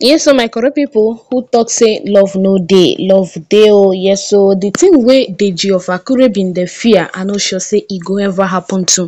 Yes so my correct people who talk say love no day, love day. Oh, Yes so the thing where the Deji of Akure been the fear I no sure say e go ever happen to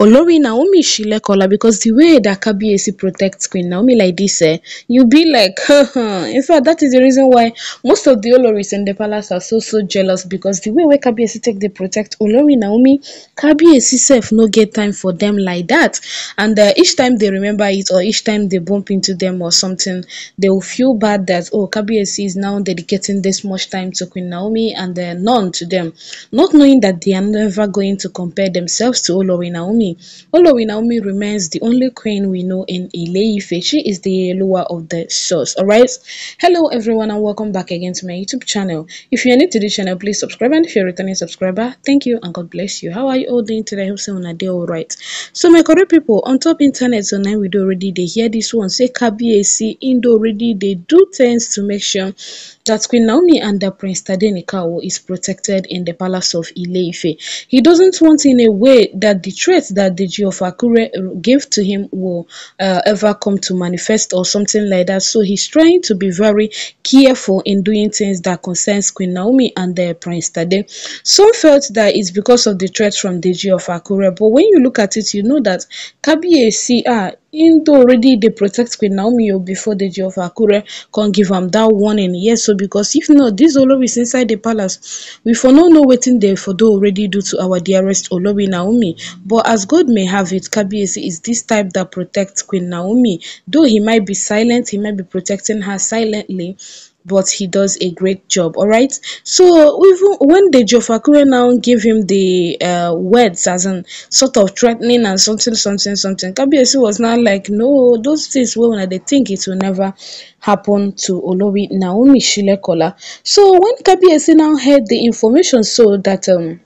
Olori Naomi Shilekola because the way that Kabiyesi protect Queen Naomi like this, eh? you be like in fact, that is the reason why most of the Oloris in the palace are so so jealous because the way where Kabiyesi take the protect Olori Naomi, Kabiyesi self no get time for them like that, and eh, each time they remember it or each time they bump into them or something they will feel bad that oh KBSC is now dedicating this much time to Queen Naomi and uh, none to them, not knowing that they are never going to compare themselves to Olori Naomi. Olori Naomi remains the only queen we know in Ileife. She is the Elua of the source. All right. Hello everyone and welcome back again to my YouTube channel. If you are new to this channel, please subscribe and if you're a returning subscriber, thank you and God bless you. How are you all doing today? I hope so are a day all right. So my correct people on top internet online now we do already they hear this one say KBSC Indo already dey do things to make sure that Queen Naomi under Prince Tadenikawo is protected in the palace of ile He doesn't want in a way that the threat that the G of Akure gave to him will uh, ever come to manifest or something like that. So he's trying to be very careful in doing things that concerns Queen Naomi and the uh, Prince Tade. Some felt that it's because of the threat from the G of Akure, but when you look at it, you know that Kabiyesi, ah, Indo already they protect Queen Naomi before the G of Akure can give him that warning. Yes, so because if not this olori is inside the palace we for no know waiting there for don already do to our dearest olori naomi but as god may have it kabiyesi is this type that protects queen naomi though he might be silent he might be protecting her silently but he does a great job all right so even when the jofakure now give him the uh, words as an sort of threatening and something something something kbs was not like no those things women they think it will never happen to Olori Naomi Shilekola. So when KBSA now heard the information so that um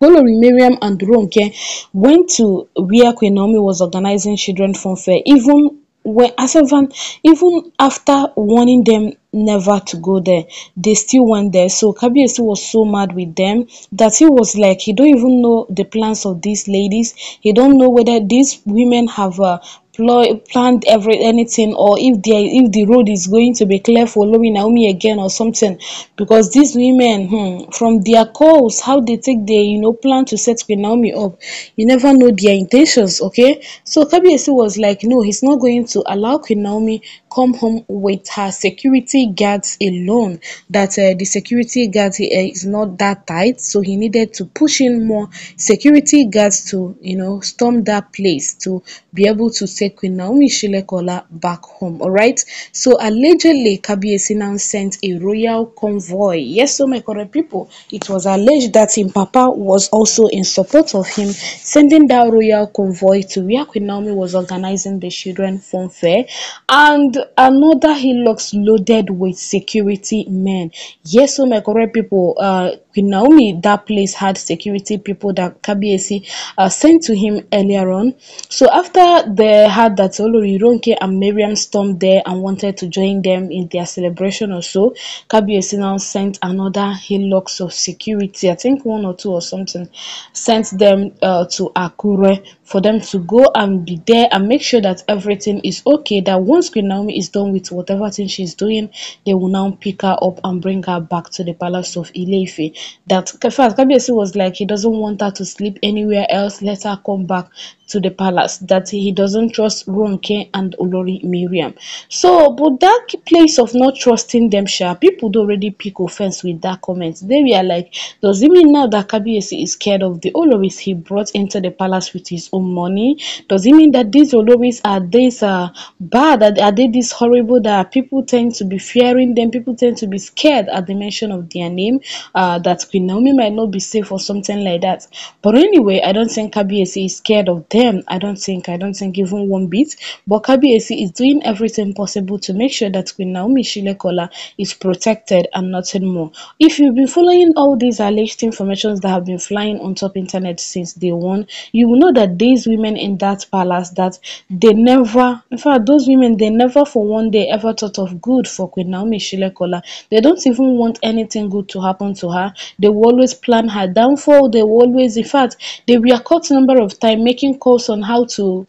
Olori Miriam and Ronke went to where Queen Naomi was organizing children from fair, even when Asavan, even after warning them never to go there, they still went there. So Kabiyesi was so mad with them that he was like, he don't even know the plans of these ladies. He don't know whether these women have uh, ploy plant every anything or if the if the road is going to be clear for Lomi Naomi again or something because these women hmm, from their calls how they take their you know plan to set Queen Naomi up you never know their intentions okay so Kabiyesi was like no he's not going to allow Queen Naomi come home with her security guards alone that uh, the security guard uh, is not that tight so he needed to push in more security guards to you know storm that place to be able to set get Queen Naomi Shilekola back home. All right. So allegedly, Kabiesi now sent a royal convoy. Yes, so my correct people, it was alleged that him papa was also in support of him, sending that royal convoy to where Queen Naomi was organizing the children from fair and another hillocks loaded with security men. Yes, so my correct people, uh, Queen Naomi, that place had security people that Kabiesi uh, sent to him earlier on. So after the heard that Ronke and Miriam stormed there and wanted to join them in their celebration or so, Kabiyesi now sent another hillocks of security, I think one or two or something, sent them uh, to Akure for them to go and be there and make sure that everything is okay, that once Queen Naomi is done with whatever thing she's doing, they will now pick her up and bring her back to the palace of Ilefe. That first, Kabiyesi was like, he doesn't want her to sleep anywhere else, let her come back to the palace, that he doesn't trust Ronke and Olori Miriam. So, but that place of not trusting them, sure, people don't already pick offense with that comment. They were like, does it mean now that Kabiyesi is scared of the Oloris he brought into the palace with his own money? Does it mean that these Oloris are these uh, bad? Are, are they this horrible that people tend to be fearing them? People tend to be scared at the mention of their name uh, that Queen Naomi might not be safe or something like that. But anyway, I don't think Kabiyesi is scared of them. I don't think, I don't think even one bit, but Kabiesi is doing everything possible to make sure that Queen Naomi Shilekola is protected and nothing more. If you've been following all these alleged informations that have been flying on top internet since day one, you will know that these women in that palace that they never, in fact, those women, they never for one day ever thought of good for Queen Naomi Shilekola. They don't even want anything good to happen to her. They will always plan her downfall. They will always, in fact, they were caught a number of times making calls on how to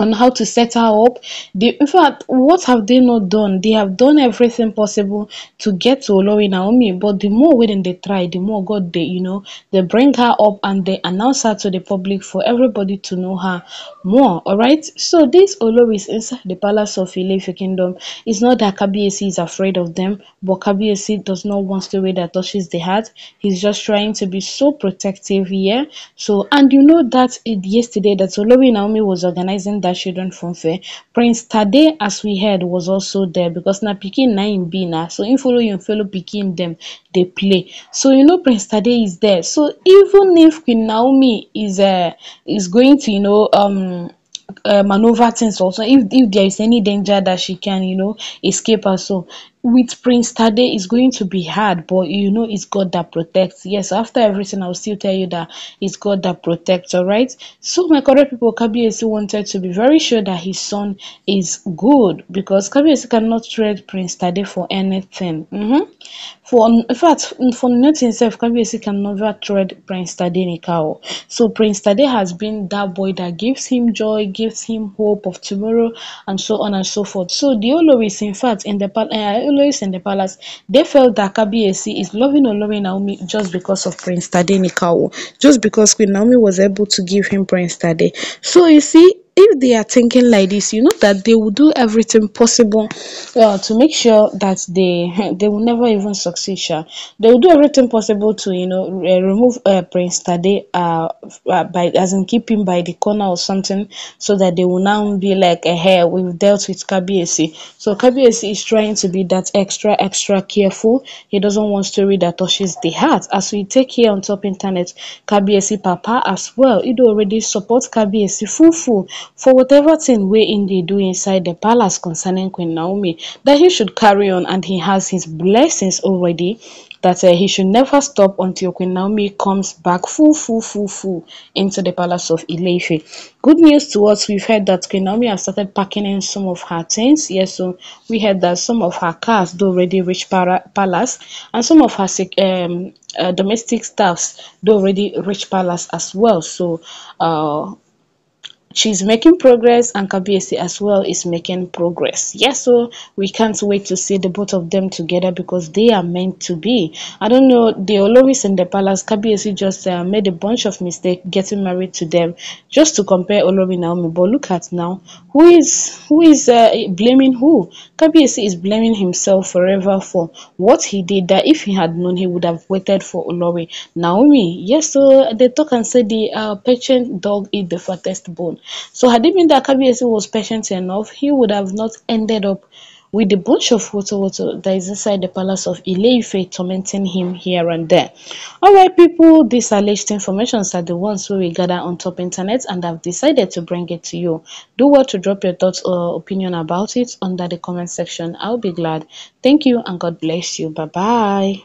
on how to set her up. They, in fact, what have they not done? They have done everything possible to get to Olori Naomi, but the more waiting they try, the more God they, you know, they bring her up and they announce her to the public for everybody to know her more. All right. So this Olori is inside the palace of Ilefi Kingdom. It's not that Kabiesi is afraid of them, but Kabiesi does not want the way that touches the heart. He's just trying to be so protective here. So, and you know that it, yesterday that Olori Naomi was organizing that children from fair prince tade as we heard was also there because na pikin na him be na so him follow your fellow pikin them. They play so you know prince tade is there so even if queen naomi is uh, is going to you know um uh, maneuver things also if if there is any danger that she can you know escape or so with Prince Tade is going to be hard, but you know it's God that protects. Yes, after everything, I'll still tell you that it's God that protects, all right? So my correct people, Kabiesi wanted to be very sure that his son is good because Kabiesi cannot trade Prince Tade for anything. Mm -hmm. For in fact, for nothing self, Kabiesi can never trade Prince Tade Nikao. So Prince Tade has been that boy that gives him joy, gives him hope of tomorrow, and so on and so forth. So the is, in fact, in the past. Uh, Louis in the palace, they felt that KBAC is loving Olori Naomi just because of Prince Tade Nikawo, just because Queen Naomi was able to give him Prince Tade. So you see, if they are thinking like this you know that they will do everything possible uh, to make sure that they they will never even succeed sure. they will do everything possible to you know remove uh, prince Tade, uh, uh, by as in keep him by the corner or something so that they will now be like a hair we've dealt with kbac so kbac is trying to be that extra extra careful he doesn't want story that touches the heart as we take here on top internet kbac papa as well it already supports kbac full full for whatever thing wey im dey do inside the palace concerning queen naomi that he should carry on and he has his blessings already That uh, he should never stop until queen naomi comes back full full full full into the palace of ileife good news to us we've heard that queen naomi has started packing in some of her things yes so we heard that some of her cars do already reach para palace and some of her um uh, domestic staffs do already reach palace as well so uh she's making progress and Kabiesi as well is making progress. Yes, so we can't wait to see the both of them together because they are meant to be. I don't know, the Oloris and the Palace, Kabiesi just uh, made a bunch of mistake getting married to them just to compare Olori Naomi. But look at now, who is who is uh, blaming who? Kabiesi is blaming himself forever for what he did that if he had known he would have waited for Olori. Naomi, yes, so they talk and say the uh, patient dog eat the fattest bone. So had it been that Kabiesi was patient enough, he would have not ended up with a bunch of water water that is inside the palace of ile tormenting him here and there. Alright people, these alleged informations are the ones we gather on top internet and I've decided to bring it to you. Do well to drop your thoughts or opinion about it under the comment section. I'll be glad. Thank you and God bless you. Bye-bye.